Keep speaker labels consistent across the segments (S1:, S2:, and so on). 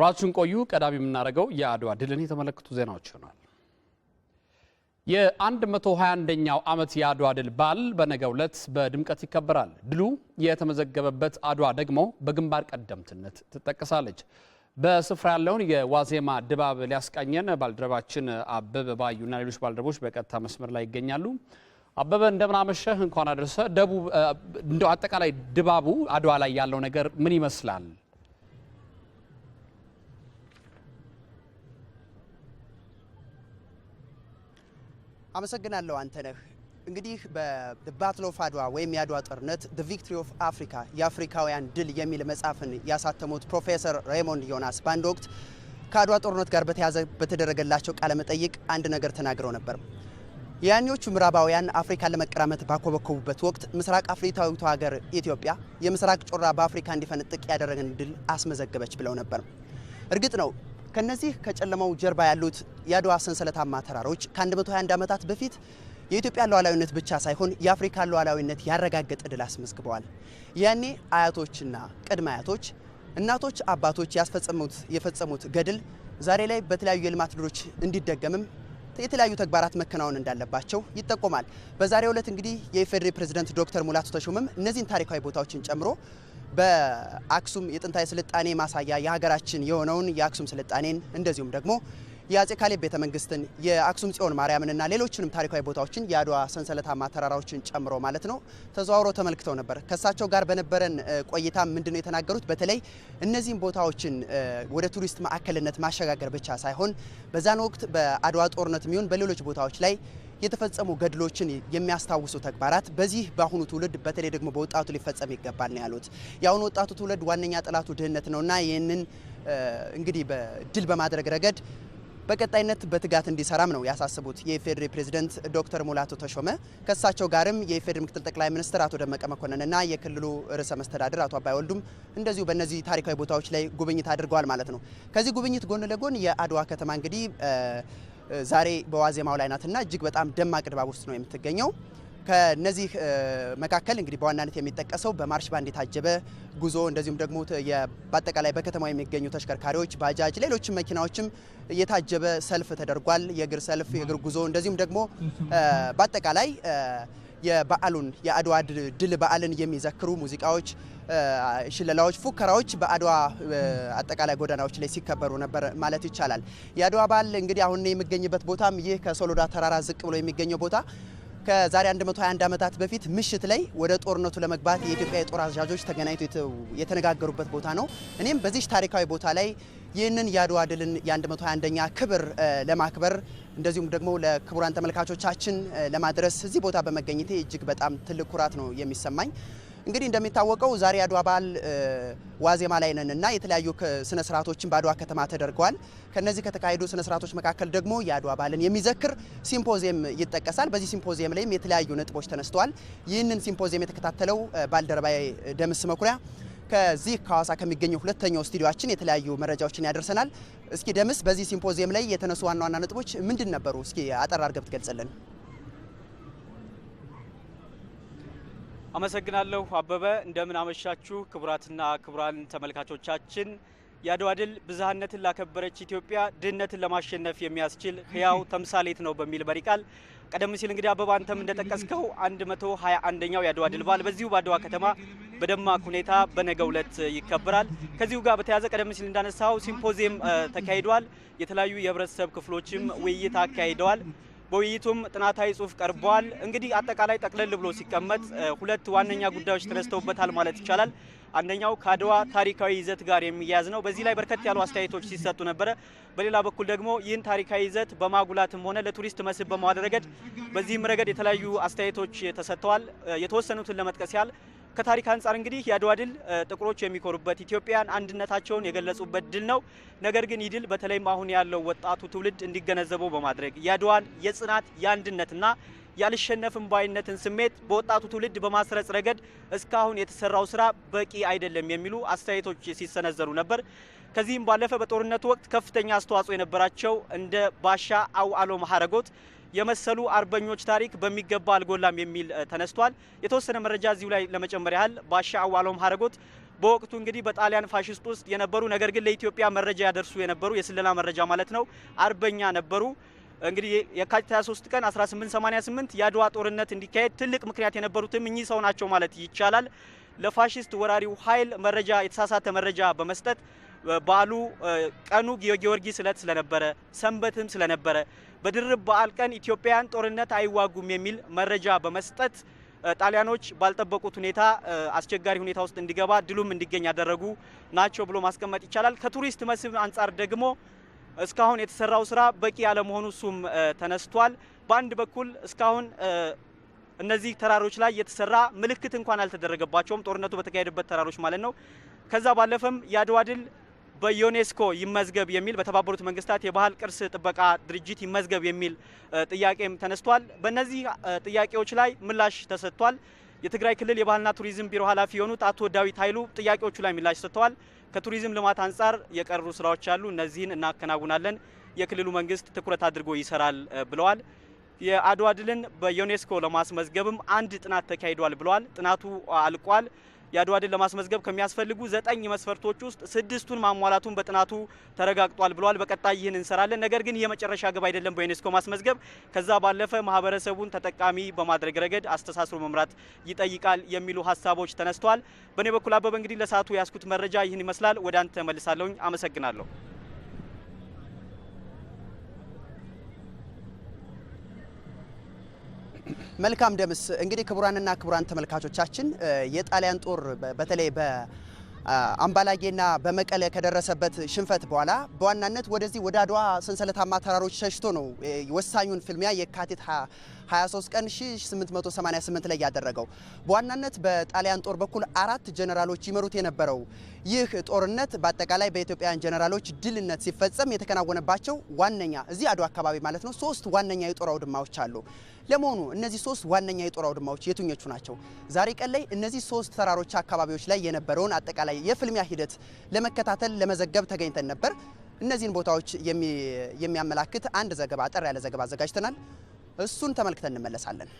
S1: አብራችሁን ቆዩ። ቀዳሚ የምናደርገው የአድዋ ድልን የተመለከቱ ዜናዎች ይሆናል። የ121ኛው ዓመት የአድዋ ድል በዓል በነገ ዕለት በድምቀት ይከበራል። ድሉ የተመዘገበበት አድዋ ደግሞ በግንባር ቀደምትነት ትጠቀሳለች። በስፍራ ያለውን የዋዜማ ድባብ ሊያስቃኘን ባልደረባችን አበበ ባዩና ሌሎች ባልደረቦች በቀጥታ መስመር ላይ ይገኛሉ። አበበ እንደምናመሸህ፣ እንኳን አደረሰ። ደቡብ እንደው አጠቃላይ ድባቡ አድዋ ላይ ያለው ነገር ምን ይመስላል?
S2: አመሰግናለሁ አንተነህ። እንግዲህ በባትል ኦፍ አድዋ ወይም የአድዋ ጦርነት ዘ ቪክትሪ ኦፍ አፍሪካ የአፍሪካውያን ድል የሚል መጽሐፍን ያሳተሙት ፕሮፌሰር ሬይሞንድ ዮናስ በአንድ ወቅት ከአድዋ ጦርነት ጋር በተያያዘ በተደረገላቸው ቃለ መጠይቅ አንድ ነገር ተናግረው ነበር። ያኔዎቹ ምዕራባውያን አፍሪካን ለመቀራመት ባኮበኮቡበት ወቅት ምስራቅ አፍሪካዊቱ ሀገር ኢትዮጵያ የምስራቅ ጮራ በአፍሪካ እንዲፈነጥቅ ያደረገን ድል አስመዘገበች ብለው ነበር። እርግጥ ነው ከነዚህ ከጨለማው ጀርባ ያሉት የአድዋ ሰንሰለታማ ተራሮች ከ121 ዓመታት በፊት የኢትዮጵያ ሉዓላዊነት ብቻ ሳይሆን የአፍሪካ ሉዓላዊነት ያረጋገጠ ድል አስመዝግበዋል። ያኔ አያቶችና ቅድመ አያቶች እናቶች፣ አባቶች ያስፈጸሙት የፈጸሙት ገድል ዛሬ ላይ በተለያዩ የልማት ድሎች እንዲደገምም የተለያዩ ተግባራት መከናወን እንዳለባቸው ይጠቆማል። በዛሬው ዕለት እንግዲህ የኢፌዴሪ ፕሬዚደንት ዶክተር ሙላቱ ተሾመም እነዚህን ታሪካዊ ቦታዎችን ጨምሮ በአክሱም የጥንታዊ ስልጣኔ ማሳያ የሀገራችን የሆነውን የአክሱም ስልጣኔን እንደዚሁም ደግሞ የአጼ ካሌብ ቤተ መንግስትን፣ የአክሱም ጽዮን ማርያምንና ሌሎችንም ታሪካዊ ቦታዎችን የአድዋ ሰንሰለታማ ተራራዎችን ጨምሮ ማለት ነው ተዘዋውሮ ተመልክተው ነበር። ከእሳቸው ጋር በነበረን ቆይታ ምንድን ነው የተናገሩት? በተለይ እነዚህን ቦታዎችን ወደ ቱሪስት ማዕከልነት ማሸጋገር ብቻ ሳይሆን በዛን ወቅት በአድዋ ጦርነት የሚሆን በሌሎች ቦታዎች ላይ የተፈጸሙ ገድሎችን የሚያስታውሱ ተግባራት በዚህ በአሁኑ ትውልድ በተለይ ደግሞ በወጣቱ ሊፈጸም ይገባል ነው ያሉት። የአሁኑ ወጣቱ ትውልድ ዋነኛ ጠላቱ ድህነት ነውና ይህንን እንግዲህ በድል በማድረግ ረገድ በቀጣይነት በትጋት እንዲሰራም ነው ያሳስቡት የኢፌዴሪ ፕሬዝደንት ዶክተር ሙላቱ ተሾመ። ከእሳቸው ጋርም የኢፌዴሪ ምክትል ጠቅላይ ሚኒስትር አቶ ደመቀ መኮንንና የክልሉ ርዕሰ መስተዳድር አቶ አባይ ወልዱም እንደዚሁ በእነዚህ ታሪካዊ ቦታዎች ላይ ጉብኝት አድርገዋል ማለት ነው። ከዚህ ጉብኝት ጎን ለጎን የአድዋ ከተማ እንግዲህ ዛሬ በዋዜማው ላይ ናትና እጅግ በጣም ደማቅ ድባብ ውስጥ ነው የምትገኘው። ከነዚህ መካከል እንግዲህ በዋናነት የሚጠቀሰው በማርሽ ባንድ የታጀበ ጉዞ እንደዚሁም ደግሞ በአጠቃላይ በከተማ የሚገኙ ተሽከርካሪዎች፣ ባጃጅ፣ ሌሎችም መኪናዎችም የታጀበ ሰልፍ ተደርጓል። የእግር ሰልፍ፣ የእግር ጉዞ እንደዚሁም ደግሞ በአጠቃላይ የበዓሉን የአድዋ ድል በዓልን የሚዘክሩ ሙዚቃዎች፣ ሽለላዎች፣ ፉከራዎች በአድዋ አጠቃላይ ጎዳናዎች ላይ ሲከበሩ ነበር ማለት ይቻላል። የአድዋ በዓል እንግዲህ አሁን የሚገኝበት ቦታም ይህ ከሶሎዳ ተራራ ዝቅ ብሎ የሚገኘው ቦታ ከዛሬ 121 ዓመታት በፊት ምሽት ላይ ወደ ጦርነቱ ለመግባት የኢትዮጵያ የጦር አዛዦች ተገናኝተው የተነጋገሩበት ቦታ ነው። እኔም በዚህ ታሪካዊ ቦታ ላይ ይህንን የአድዋ ድልን የ121ኛ ክብር ለማክበር እንደዚሁም ደግሞ ለክቡራን ተመልካቾቻችን ለማድረስ እዚህ ቦታ በመገኘቴ እጅግ በጣም ትልቅ ኩራት ነው የሚሰማኝ። እንግዲህ እንደሚታወቀው ዛሬ የአድዋ በዓል ዋዜማ ላይ ነን እና የተለያዩ ስነ ስርዓቶችን በአድዋ ከተማ ተደርገዋል። ከነዚህ ከተካሄዱ ስነ ስርዓቶች መካከል ደግሞ የአድዋ በዓልን የሚዘክር ሲምፖዚየም ይጠቀሳል። በዚህ ሲምፖዚየም ላይም የተለያዩ ነጥቦች ተነስተዋል። ይህንን ሲምፖዚየም የተከታተለው ባልደረባዬ ደምስ መኩሪያ ከዚህ ከሀዋሳ ከሚገኘው ሁለተኛው ስቱዲዮችን የተለያዩ መረጃዎችን ያደርሰናል። እስኪ ደምስ፣ በዚህ ሲምፖዚየም ላይ የተነሱ ዋና ዋና ነጥቦች ምንድን ነበሩ? እስኪ አጠር አድርገህ ብትገልጽልን።
S1: አመሰግናለሁ አበበ። እንደምን አመሻችሁ ክቡራትና ክቡራን ተመልካቾቻችን። የአድዋ ድል ብዝሃነትን ላከበረች ኢትዮጵያ ድህነትን ለማሸነፍ የሚያስችል ህያው ተምሳሌት ነው በሚል መሪ ቃል ቀደም ሲል እንግዲህ አበባ አንተም እንደጠቀስከው ሀያ አንደኛው የአድዋ ድል በዓል በዚሁ በአድዋ ከተማ በደማቅ ሁኔታ በነገው ዕለት ይከበራል። ከዚሁ ጋር በተያያዘ ቀደም ሲል እንዳነሳው ሲምፖዚየም ተካሂዷል። የተለያዩ የህብረተሰብ ክፍሎችም ውይይት አካሂደዋል። በውይይቱም ጥናታዊ ጽሁፍ ቀርቧል። እንግዲህ አጠቃላይ ጠቅለል ብሎ ሲቀመጥ ሁለት ዋነኛ ጉዳዮች ተነስተውበታል ማለት ይቻላል። አንደኛው ከአድዋ ታሪካዊ ይዘት ጋር የሚያያዝ ነው። በዚህ ላይ በርከት ያሉ አስተያየቶች ሲሰጡ ነበረ። በሌላ በኩል ደግሞ ይህን ታሪካዊ ይዘት በማጉላትም ሆነ ለቱሪስት መስህብ በማድረግ ረገድ በዚህም ረገድ የተለያዩ አስተያየቶች ተሰጥተዋል። የተወሰኑትን ለመጥቀስ ያህል ከታሪክ አንጻር እንግዲህ የአድዋ ድል ጥቁሮች የሚኮሩበት ኢትዮጵያን አንድነታቸውን የገለጹበት ድል ነው። ነገር ግን ይህ ድል በተለይም አሁን ያለው ወጣቱ ትውልድ እንዲገነዘበው በማድረግ የአድዋን የጽናት የአንድነትና ያልሸነፍን ባይነትን ስሜት በወጣቱ ትውልድ በማስረጽ ረገድ እስካሁን የተሰራው ስራ በቂ አይደለም የሚሉ አስተያየቶች ሲሰነዘሩ ነበር። ከዚህም ባለፈ በጦርነቱ ወቅት ከፍተኛ አስተዋጽኦ የነበራቸው እንደ ባሻ አው አሎ ማሐረጎት የመሰሉ አርበኞች ታሪክ በሚገባ አልጎላም የሚል ተነስቷል። የተወሰነ መረጃ እዚሁ ላይ ለመጨመር ያህል ባሻ አዋሎም ሀረጎት በወቅቱ እንግዲህ በጣሊያን ፋሽስት ውስጥ የነበሩ ነገር ግን ለኢትዮጵያ መረጃ ያደርሱ የነበሩ የስለላ መረጃ ማለት ነው አርበኛ ነበሩ። እንግዲህ የካቲት 23 ቀን 1888 የአድዋ ጦርነት እንዲካሄድ ትልቅ ምክንያት የነበሩትም እኚህ ሰው ናቸው ማለት ይቻላል። ለፋሽስት ወራሪው ኃይል መረጃ የተሳሳተ መረጃ በመስጠት በዓሉ ቀኑ የጊዮርጊስ ዕለት ስለነበረ ሰንበትም ስለነበረ በድርብ በዓል ቀን ኢትዮጵያውያን ጦርነት አይዋጉም የሚል መረጃ በመስጠት ጣሊያኖች ባልጠበቁት ሁኔታ አስቸጋሪ ሁኔታ ውስጥ እንዲገባ ድሉም እንዲገኝ ያደረጉ ናቸው ብሎ ማስቀመጥ ይቻላል። ከቱሪስት መስህብ አንጻር ደግሞ እስካሁን የተሰራው ስራ በቂ ያለመሆኑ እሱም ተነስቷል። በአንድ በኩል እስካሁን እነዚህ ተራሮች ላይ የተሰራ ምልክት እንኳን አልተደረገባቸውም፣ ጦርነቱ በተካሄደበት ተራሮች ማለት ነው። ከዛ ባለፈም የአድዋ ድል በዩኔስኮ ይመዝገብ የሚል በተባበሩት መንግስታት የባህል ቅርስ ጥበቃ ድርጅት ይመዝገብ የሚል ጥያቄም ተነስቷል። በእነዚህ ጥያቄዎች ላይ ምላሽ ተሰጥቷል። የትግራይ ክልል የባህልና ቱሪዝም ቢሮ ኃላፊ የሆኑት አቶ ዳዊት ኃይሉ ጥያቄዎቹ ላይ ምላሽ ሰጥተዋል። ከቱሪዝም ልማት አንጻር የቀሩ ስራዎች አሉ፣ እነዚህን እናከናውናለን፣ የክልሉ መንግስት ትኩረት አድርጎ ይሰራል ብለዋል። የአድዋ ድልን በዩኔስኮ ለማስመዝገብም አንድ ጥናት ተካሂዷል ብለዋል። ጥናቱ አልቋል። የአድዋ ድል ለማስመዝገብ ከሚያስፈልጉ ዘጠኝ መስፈርቶች ውስጥ ስድስቱን ማሟላቱን በጥናቱ ተረጋግጧል ብለዋል። በቀጣይ ይህን እንሰራለን። ነገር ግን የመጨረሻ ግብ አይደለም በዩኔስኮ ማስመዝገብ። ከዛ ባለፈ ማህበረሰቡን ተጠቃሚ በማድረግ ረገድ አስተሳስሮ መምራት ይጠይቃል የሚሉ ሀሳቦች ተነስተዋል። በእኔ በኩል አበበ፣ እንግዲህ ለሰዓቱ ያስኩት መረጃ ይህን ይመስላል። ወደ አንተ መልሳለሁኝ። አመሰግናለሁ።
S2: መልካም ደምስ እንግዲህ ክቡራንና ክቡራን ተመልካቾቻችን የጣሊያን ጦር በተለይ በአምባላጌና በመቀለ ከደረሰበት ሽንፈት በኋላ በዋናነት ወደዚህ ወደ አድዋ ሰንሰለታማ ተራሮች ሸሽቶ ነው ወሳኙን ፍልሚያ የካቲት 23 ቀን 1888 ላይ ያደረገው። በዋናነት በጣሊያን ጦር በኩል አራት ጀነራሎች ይመሩት የነበረው ይህ ጦርነት በአጠቃላይ በኢትዮጵያውያን ጀነራሎች ድልነት ሲፈጸም የተከናወነባቸው ዋነኛ እዚህ አድዋ አካባቢ ማለት ነው ሶስት ዋነኛ የጦር አውድማዎች አሉ። ለመሆኑ እነዚህ ሶስት ዋነኛ የጦር አውድማዎች የትኞቹ ናቸው? ዛሬ ቀን ላይ እነዚህ ሶስት ተራሮች አካባቢዎች ላይ የነበረውን አጠቃላይ የፍልሚያ ሂደት ለመከታተል ለመዘገብ ተገኝተን ነበር። እነዚህን ቦታዎች የሚያመላክት አንድ ዘገባ አጠር ያለ ዘገባ አዘጋጅተናል። እሱን ተመልክተን እንመለሳለን።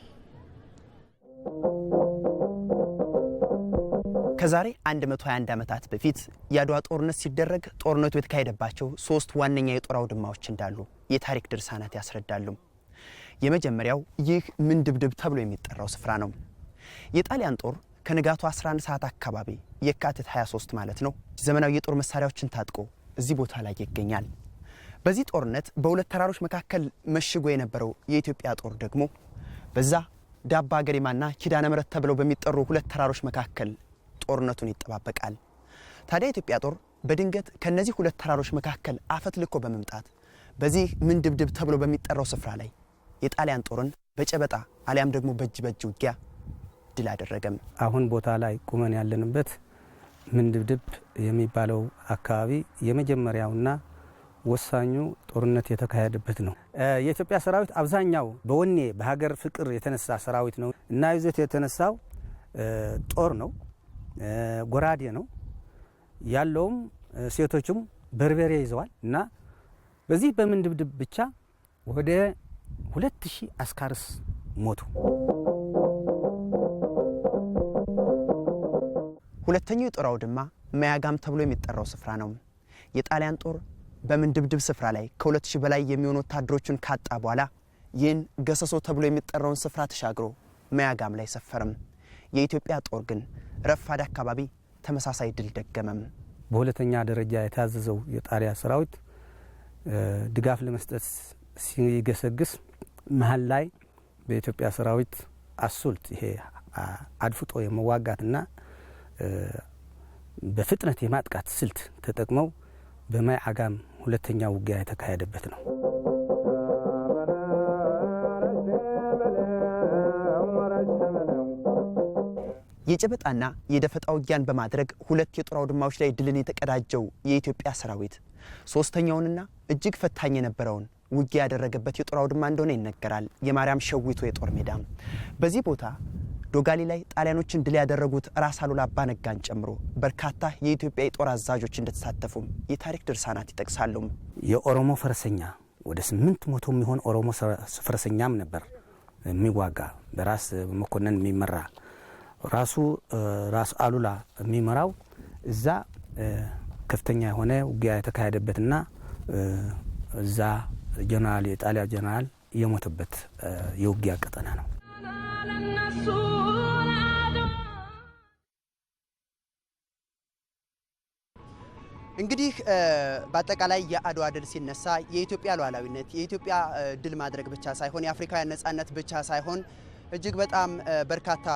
S2: ከዛሬ 121 ዓመታት በፊት የአድዋ ጦርነት ሲደረግ ጦርነቱ የተካሄደባቸው ሶስት ዋነኛ የጦር አውድማዎች እንዳሉ የታሪክ ድርሳናት ያስረዳሉ። የመጀመሪያው ይህ ምን ድብድብ ተብሎ የሚጠራው ስፍራ ነው። የጣሊያን ጦር ከንጋቱ 11 ሰዓት አካባቢ የካቲት 23 ማለት ነው፣ ዘመናዊ የጦር መሳሪያዎችን ታጥቆ እዚህ ቦታ ላይ ይገኛል። በዚህ ጦርነት በሁለት ተራሮች መካከል መሽጎ የነበረው የኢትዮጵያ ጦር ደግሞ በዛ ዳባ ገሪማና ኪዳነ ምሕረት ተብለው በሚጠሩ ሁለት ተራሮች መካከል ጦርነቱን ይጠባበቃል። ታዲያ የኢትዮጵያ ጦር በድንገት ከነዚህ ሁለት ተራሮች መካከል አፈት ልኮ በመምጣት በዚህ ምን ድብድብ ተብሎ በሚጠራው ስፍራ ላይ የጣሊያን ጦርን በጨበጣ አሊያም ደግሞ በእጅ በእጅ ውጊያ ድል አደረገም።
S3: አሁን ቦታ ላይ ቁመን ያለንበት ምንድብድብ የሚባለው አካባቢ የመጀመሪያውና ወሳኙ ጦርነት የተካሄደበት ነው። የኢትዮጵያ ሰራዊት አብዛኛው በወኔ በሀገር ፍቅር የተነሳ ሰራዊት ነው እና ይዞት የተነሳው ጦር ነው፣ ጎራዴ ነው ያለውም ሴቶችም በርበሬ ይዘዋል እና በዚህ በምንድብድብ ብቻ ወደ ሁለት ሺህ አስካርስ ሞቱ።
S2: ሁለተኛው የጦር አውድማ መያጋም ተብሎ የሚጠራው ስፍራ ነው። የጣሊያን ጦር በምንድብድብ ስፍራ ላይ ከ2000 በላይ የሚሆኑ ወታደሮችን ካጣ በኋላ ይህን ገሰሶ ተብሎ የሚጠራውን ስፍራ ተሻግሮ መያጋም ላይ ሰፈርም። የኢትዮጵያ ጦር ግን ረፋድ አካባቢ ተመሳሳይ ድል ደገመም።
S3: በሁለተኛ ደረጃ የታዘዘው የጣሊያ ሰራዊት ድጋፍ ለመስጠት ሲገሰግስ መሀል ላይ በኢትዮጵያ ሰራዊት አሱልት ይሄ አድፍጦ የመዋጋትና በፍጥነት የማጥቃት ስልት ተጠቅመው በማይ አጋም ሁለተኛ ውጊያ የተካሄደበት ነው።
S2: የጨበጣና የደፈጣ ውጊያን በማድረግ ሁለት የጦር አውድማዎች ላይ ድልን የተቀዳጀው የኢትዮጵያ ሰራዊት ሶስተኛውንና እጅግ ፈታኝ የነበረውን ውጊያ ያደረገበት የጦር አውድማ እንደሆነ ይነገራል። የማርያም ሸዊቶ የጦር ሜዳ በዚህ ቦታ ዶጋሊ ላይ ጣሊያኖችን ድል ያደረጉት ራስ አሉላ አባነጋን ጨምሮ በርካታ የኢትዮጵያ የጦር አዛዦች እንደተሳተፉም የታሪክ ድርሳናት ይጠቅሳሉ።
S3: የኦሮሞ ፈረሰኛ ወደ ስምንት መቶ የሚሆን ኦሮሞ ፈረሰኛም ነበር የሚዋጋ በራስ መኮንን የሚመራ ራሱ ራስ አሉላ የሚመራው እዛ ከፍተኛ የሆነ ውጊያ የተካሄደበትና እዛ ጀነራል የጣሊያ ጀነራል የሞተበት የውጊያ ቀጠና ነው።
S2: እንግዲህ በአጠቃላይ የአድዋ ድል ሲነሳ የኢትዮጵያ ሉዓላዊነት የኢትዮጵያ ድል ማድረግ ብቻ ሳይሆን የአፍሪካውያን ነጻነት ብቻ ሳይሆን እጅግ በጣም በርካታ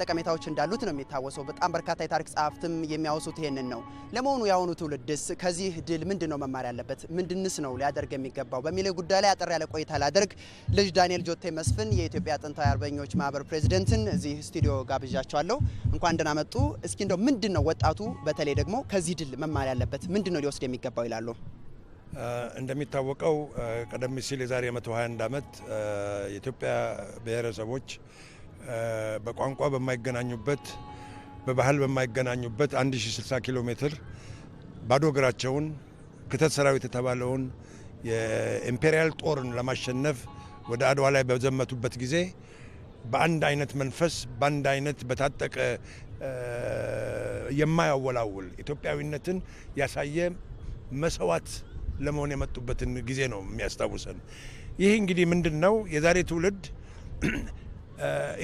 S2: ጠቀሜታዎች እንዳሉት ነው የሚታወሰው። በጣም በርካታ የታሪክ ጸሐፍትም የሚያወሱት ይሄንን ነው። ለመሆኑ የአሁኑ ትውልድስ ከዚህ ድል ምንድን ነው መማር ያለበት? ምንድንስ ነው ሊያደርግ የሚገባው? በሚል ጉዳይ ላይ አጠር ያለ ቆይታ ላደርግ ልጅ ዳንኤል ጆቴ መስፍን የኢትዮጵያ ጥንታዊ አርበኞች ማህበር ፕሬዚደንትን እዚህ ስቱዲዮ ጋብዣቸዋለሁ። እንኳን ደህና መጡ። እስኪ እንደው ምንድን ነው ወጣቱ በተለይ ደግሞ ከዚህ ድል መማር ያለበት ምንድን ነው ሊወስድ የሚገባው ይላሉ?
S4: እንደሚታወቀው ቀደም ሲል የዛሬ 121 ዓመት የኢትዮጵያ ብሔረሰቦች በቋንቋ በማይገናኙበት በባህል በማይገናኙበት 1060 ኪሎ ሜትር ባዶ እግራቸውን ክተት ሰራዊት የተባለውን የኢምፔሪያል ጦርን ለማሸነፍ ወደ አድዋ ላይ በዘመቱበት ጊዜ በአንድ አይነት መንፈስ በአንድ አይነት በታጠቀ የማያወላውል ኢትዮጵያዊነትን ያሳየ መሰዋት ለመሆን የመጡበትን ጊዜ ነው የሚያስታውሰን። ይህ እንግዲህ ምንድን ነው የዛሬ ትውልድ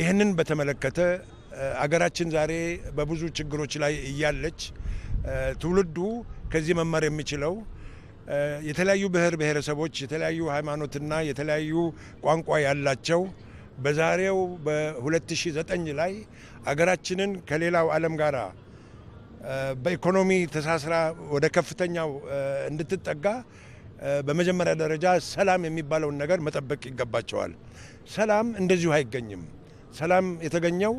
S4: ይህንን በተመለከተ አገራችን ዛሬ በብዙ ችግሮች ላይ እያለች ትውልዱ ከዚህ መማር የሚችለው የተለያዩ ብሔር ብሔረሰቦች የተለያዩ ሃይማኖትና የተለያዩ ቋንቋ ያላቸው በዛሬው በ2009 ላይ አገራችንን ከሌላው ዓለም ጋር በኢኮኖሚ ተሳስራ ወደ ከፍተኛው እንድትጠጋ በመጀመሪያ ደረጃ ሰላም የሚባለውን ነገር መጠበቅ ይገባቸዋል። ሰላም እንደዚሁ አይገኝም። ሰላም የተገኘው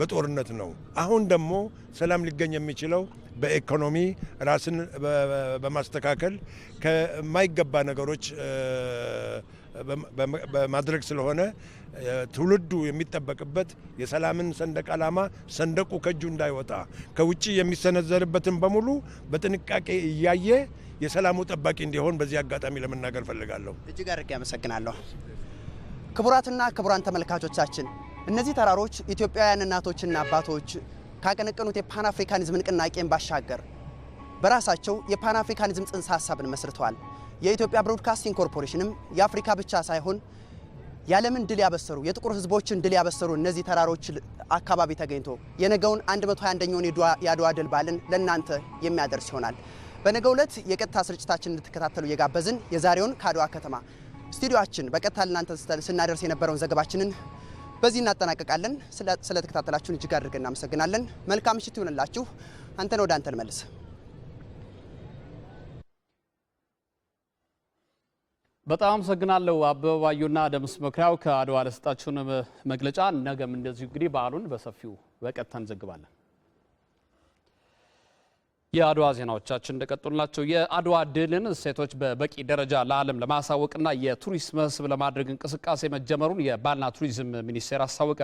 S4: በጦርነት ነው። አሁን ደግሞ ሰላም ሊገኝ የሚችለው በኢኮኖሚ ራስን በማስተካከል ከማይገባ ነገሮች በማድረግ ስለሆነ ትውልዱ የሚጠበቅበት የሰላምን ሰንደቅ ዓላማ ሰንደቁ ከእጁ እንዳይወጣ ከውጭ የሚሰነዘርበትን በሙሉ በጥንቃቄ እያየ የሰላሙ ጠባቂ እንዲሆን በዚህ አጋጣሚ ለመናገር ፈልጋለሁ።
S2: እጅግ አድርጌ አመሰግናለሁ። ክቡራትና ክቡራን ተመልካቾቻችን እነዚህ ተራሮች ኢትዮጵያውያን እናቶችና አባቶች ካቀነቀኑት የፓን አፍሪካኒዝም ንቅናቄን ባሻገር በራሳቸው የፓን አፍሪካኒዝም ጽንሰ ሀሳብን መስርተዋል። የኢትዮጵያ ብሮድካስቲንግ ኮርፖሬሽንም የአፍሪካ ብቻ ሳይሆን ያለምን ድል ያበሰሩ የጥቁር ህዝቦችን ድል ያበሰሩ እነዚህ ተራሮች አካባቢ ተገኝቶ የነገውን 121ኛውን የአድዋ ድል በዓልን ለእናንተ የሚያደርስ ይሆናል። በነገው ዕለት የቀጥታ ስርጭታችን እንድትከታተሉ እየጋበዝን የዛሬውን ከአድዋ ከተማ ስቱዲዮችን በቀጥታ ለእናንተ ስናደርስ የነበረውን ዘገባችንን በዚህ እናጠናቀቃለን። ስለተከታተላችሁን እጅግ አድርገን እናመሰግናለን። መልካም ምሽት ይሆንላችሁ። አንተነህ ወደ አንተ ልመልስ።
S1: በጣም አመሰግናለሁ አበባዩና ደምስ መኩሪያው ከአድዋ ለሰጣችሁን መግለጫ። ነገም እንደዚሁ እንግዲህ በዓሉን በሰፊው በቀጥታ እንዘግባለን። የአድዋ ዜናዎቻችን እንደቀጠሉ የአድዋ ድልን እሴቶች በበቂ ደረጃ ለዓለም ለማሳወቅና የቱሪስት መስህብ ለማድረግ እንቅስቃሴ መጀመሩን የባህልና ቱሪዝም ሚኒስቴር አስታወቀ።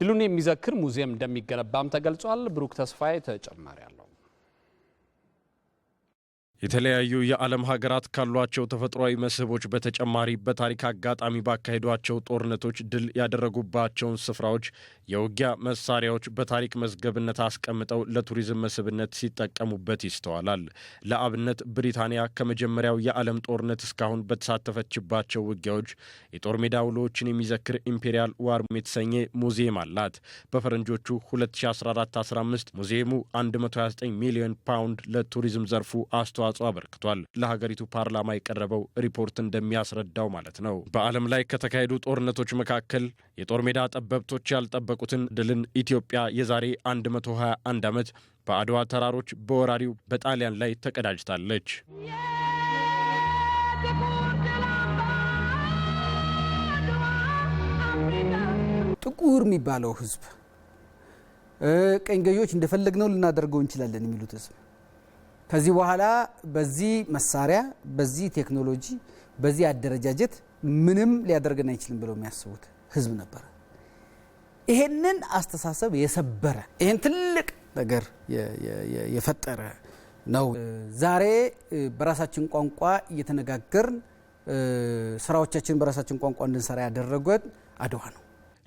S1: ድሉን የሚዘክር ሙዚየም እንደሚገነባም ተገልጿል። ብሩክ ተስፋዬ ተጨማሪ አለ። የተለያዩ የዓለም ሀገራት ካሏቸው ተፈጥሯዊ መስህቦች በተጨማሪ በታሪክ አጋጣሚ ባካሄዷቸው ጦርነቶች ድል ያደረጉባቸውን ስፍራዎች የውጊያ መሳሪያዎች በታሪክ መዝገብነት አስቀምጠው ለቱሪዝም መስህብነት ሲጠቀሙበት ይስተዋላል። ለአብነት ብሪታንያ ከመጀመሪያው የዓለም ጦርነት እስካሁን በተሳተፈችባቸው ውጊያዎች የጦር ሜዳ ውሎዎችን የሚዘክር ኢምፔሪያል ዋር የተሰኘ ሙዚየም አላት። በፈረንጆቹ 2014/15 ሙዚየሙ 129 ሚሊዮን ፓውንድ ለቱሪዝም ዘርፉ አስተዋ አስተዋጽኦ አበርክቷል። ለሀገሪቱ ፓርላማ የቀረበው ሪፖርት እንደሚያስረዳው ማለት ነው። በዓለም ላይ ከተካሄዱ ጦርነቶች መካከል የጦር ሜዳ ጠበብቶች ያልጠበቁትን ድልን ኢትዮጵያ የዛሬ 121 ዓመት በአድዋ ተራሮች በወራሪው በጣሊያን ላይ ተቀዳጅታለች።
S3: ጥቁር የሚባለው ህዝብ ቀኝ ገዢዎች እንደፈለግነው ልናደርገው እንችላለን የሚሉት ህዝብ ከዚህ በኋላ በዚህ መሳሪያ፣ በዚህ ቴክኖሎጂ፣ በዚህ አደረጃጀት ምንም ሊያደርገን አይችልም ብለው የሚያስቡት ህዝብ ነበረ። ይሄንን አስተሳሰብ የሰበረ ይሄን ትልቅ ነገር የፈጠረ ነው። ዛሬ በራሳችን ቋንቋ እየተነጋገርን ስራዎቻችን በራሳችን ቋንቋ እንድንሰራ ያደረገን አድዋ ነው።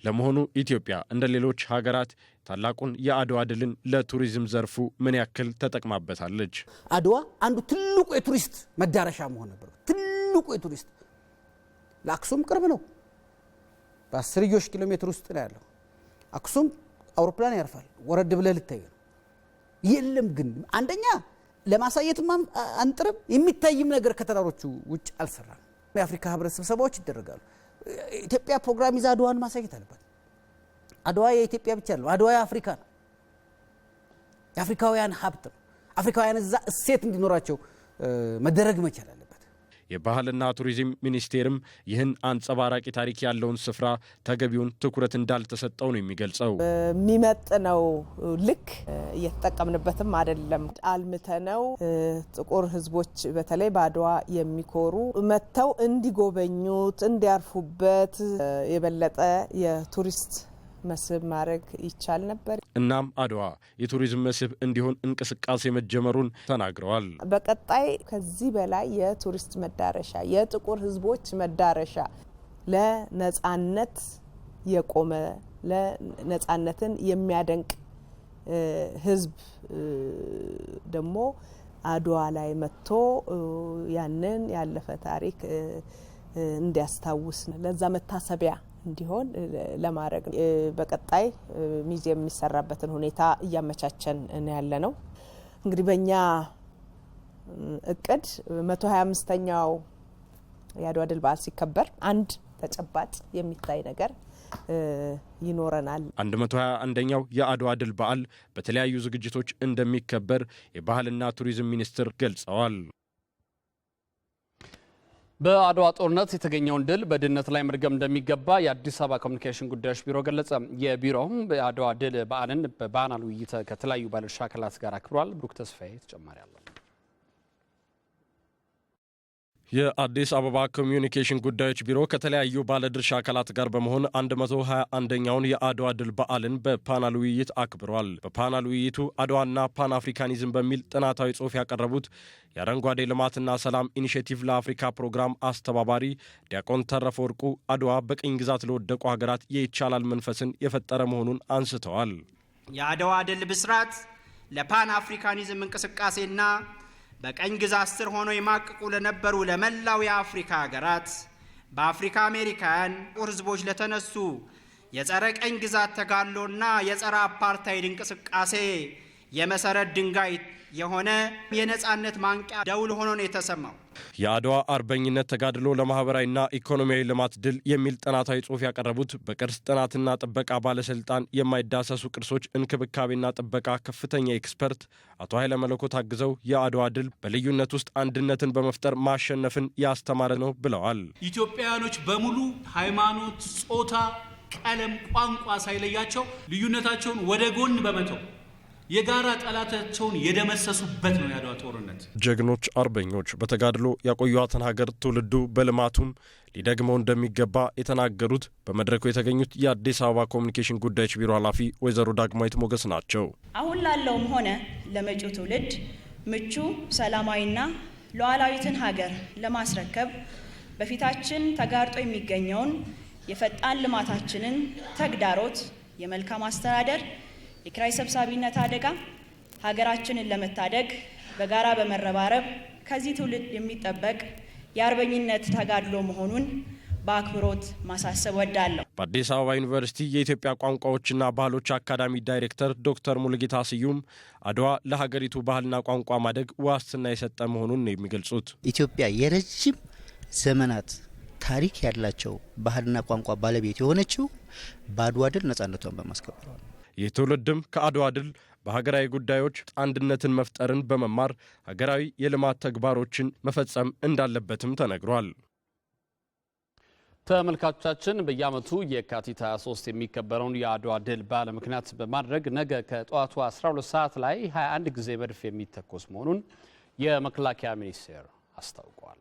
S1: ለመሆኑ ኢትዮጵያ እንደ ሌሎች ሀገራት ታላቁን የአድዋ ድልን ለቱሪዝም ዘርፉ ምን ያክል ተጠቅማበታለች?
S2: አድዋ አንዱ ትልቁ የቱሪስት መዳረሻ መሆን ነበር። ትልቁ የቱሪስት ለአክሱም ቅርብ ነው። በአስርዮሽ ኪሎ ሜትር ውስጥ ነው ያለው። አክሱም አውሮፕላን ያርፋል። ወረድ ብለህ ልታይ ነው። የለም ግን አንደኛ ለማሳየትም አንጥርም። የሚታይም ነገር ከተራሮቹ ውጭ አልሰራም። የአፍሪካ ህብረት ስብሰባዎች ይደረጋሉ። ኢትዮጵያ ፕሮግራም ይዛ አድዋን ማሳየት አለባት። አድዋ የኢትዮጵያ ብቻ ነው። አድዋ የአፍሪካ ነው። የአፍሪካውያን ሀብት ነው። አፍሪካውያን እዛ እሴት እንዲኖራቸው መደረግ መቻላል።
S1: የባህልና ቱሪዝም ሚኒስቴርም ይህን አንጸባራቂ ታሪክ ያለውን ስፍራ ተገቢውን ትኩረት እንዳልተሰጠው ነው የሚገልጸው።
S5: የሚመጥነው ልክ እየተጠቀምንበትም አይደለም። አልምተነው ጥቁር ህዝቦች በተለይ በአድዋ የሚኮሩ መጥተው እንዲጎበኙት እንዲያርፉበት የበለጠ የቱሪስት መስህብ ማድረግ ይቻል ነበር።
S1: እናም አድዋ የቱሪዝም መስህብ እንዲሆን እንቅስቃሴ መጀመሩን ተናግረዋል።
S5: በቀጣይ ከዚህ በላይ የቱሪስት መዳረሻ፣ የጥቁር ህዝቦች መዳረሻ፣ ለነጻነት የቆመ ለነጻነትን የሚያደንቅ ህዝብ ደግሞ አድዋ ላይ መጥቶ ያንን ያለፈ ታሪክ እንዲያስታውስ ለዛ መታሰቢያ እንዲሆን ለማድረግ ነው። በቀጣይ ሚዚየም የሚሰራበትን ሁኔታ እያመቻቸን ነው ያለ ነው። እንግዲህ በእኛ እቅድ መቶ ሀያ አምስተኛው የአድዋ ድል በዓል ሲከበር አንድ ተጨባጭ የሚታይ ነገር ይኖረናል
S1: ሀያ አንደኛው የአድዋ ድል በዓል በተለያዩ ዝግጅቶች እንደሚከበር የባህልና ቱሪዝም ሚኒስትር ገልጸዋል። በአድዋ ጦርነት የተገኘውን ድል በድህነት ላይ መድገም እንደሚገባ የአዲስ አበባ ኮሚኒኬሽን ጉዳዮች ቢሮ ገለጸ። የቢሮውም የአድዋ ድል በዓልን በባናል ውይይት ከተለያዩ ባለድርሻ አካላት ጋር አክብሯል። ብሩክ ተስፋዬ ተጨማሪ አለው። የአዲስ አበባ ኮሚዩኒኬሽን ጉዳዮች ቢሮ ከተለያዩ ባለድርሻ አካላት ጋር በመሆን 121ኛውን የአድዋ ድል በዓልን በፓናል ውይይት አክብሯል። በፓናል ውይይቱ አድዋና ፓን አፍሪካኒዝም በሚል ጥናታዊ ጽሑፍ ያቀረቡት የአረንጓዴ ልማትና ሰላም ኢኒሽቲቭ ለአፍሪካ ፕሮግራም አስተባባሪ ዲያቆን ተረፈ ወርቁ አድዋ በቅኝ ግዛት ለወደቁ ሀገራት የይቻላል መንፈስን የፈጠረ መሆኑን አንስተዋል።
S6: የአድዋ ድል ብስራት ለፓን አፍሪካኒዝም እንቅስቃሴና በቀኝ ግዛት ስር ሆነው ይማቅቁ ለነበሩ ለመላው የአፍሪካ ሀገራት በአፍሪካ አሜሪካውያን ጥቁር ህዝቦች ለተነሱ የጸረ ቀኝ ግዛት ተጋድሎና የጸረ አፓርታይድ እንቅስቃሴ የመሰረት ድንጋይ የሆነ የነጻነት ማንቂያ ደውል ሆኖ ነው የተሰማው።
S1: የአድዋ አርበኝነት ተጋድሎ ለማህበራዊና ኢኮኖሚያዊ ልማት ድል የሚል ጥናታዊ ጽሑፍ ያቀረቡት በቅርስ ጥናትና ጥበቃ ባለስልጣን የማይዳሰሱ ቅርሶች እንክብካቤና ጥበቃ ከፍተኛ ኤክስፐርት አቶ ኃይለ መለኮት አግዘው የአድዋ ድል በልዩነት ውስጥ አንድነትን በመፍጠር ማሸነፍን ያስተማረ ነው ብለዋል።
S7: ኢትዮጵያውያኖች በሙሉ ሃይማኖት፣ ጾታ፣ ቀለም፣ ቋንቋ ሳይለያቸው ልዩነታቸውን ወደ ጎን በመተው የጋራ ጠላታቸውን የደመሰሱበት ነው የአድዋ ጦርነት።
S1: ጀግኖች አርበኞች በተጋድሎ ያቆዩዋትን ሀገር ትውልዱ በልማቱም ሊደግመው እንደሚገባ የተናገሩት በመድረኩ የተገኙት የአዲስ አበባ ኮሚኒኬሽን ጉዳዮች ቢሮ ኃላፊ ወይዘሮ ዳግማዊት ሞገስ ናቸው።
S8: አሁን ላለውም ሆነ ለመጪው ትውልድ ምቹ ሰላማዊና ሉዓላዊትን ሀገር ለማስረከብ በፊታችን ተጋርጦ የሚገኘውን የፈጣን ልማታችንን ተግዳሮት የመልካም አስተዳደር የኪራይ ሰብሳቢነት አደጋ ሀገራችንን ለመታደግ በጋራ በመረባረብ ከዚህ ትውልድ የሚጠበቅ የአርበኝነት ተጋድሎ መሆኑን በአክብሮት ማሳሰብ ወዳለሁ።
S1: በአዲስ አበባ ዩኒቨርሲቲ የኢትዮጵያ ቋንቋዎችና ባህሎች አካዳሚ ዳይሬክተር ዶክተር ሙልጌታ ስዩም አድዋ ለሀገሪቱ ባህልና ቋንቋ ማደግ ዋስትና የሰጠ መሆኑን ነው የሚገልጹት። ኢትዮጵያ የረጅም ዘመናት ታሪክ ያላቸው ባህልና ቋንቋ ባለቤት የሆነችው በአድዋ ድል ነጻነቷን በማስከበር ይህ ትውልድም ከአድዋ ድል በሀገራዊ ጉዳዮች አንድነትን መፍጠርን በመማር ሀገራዊ የልማት ተግባሮችን መፈጸም እንዳለበትም ተነግሯል። ተመልካቾቻችን በየዓመቱ የካቲት 23 የሚከበረውን የአድዋ ድል በዓል ምክንያት በማድረግ ነገ ከጠዋቱ 12 ሰዓት ላይ 21 ጊዜ መድፍ የሚተኮስ መሆኑን የመከላከያ ሚኒስቴር አስታውቋል።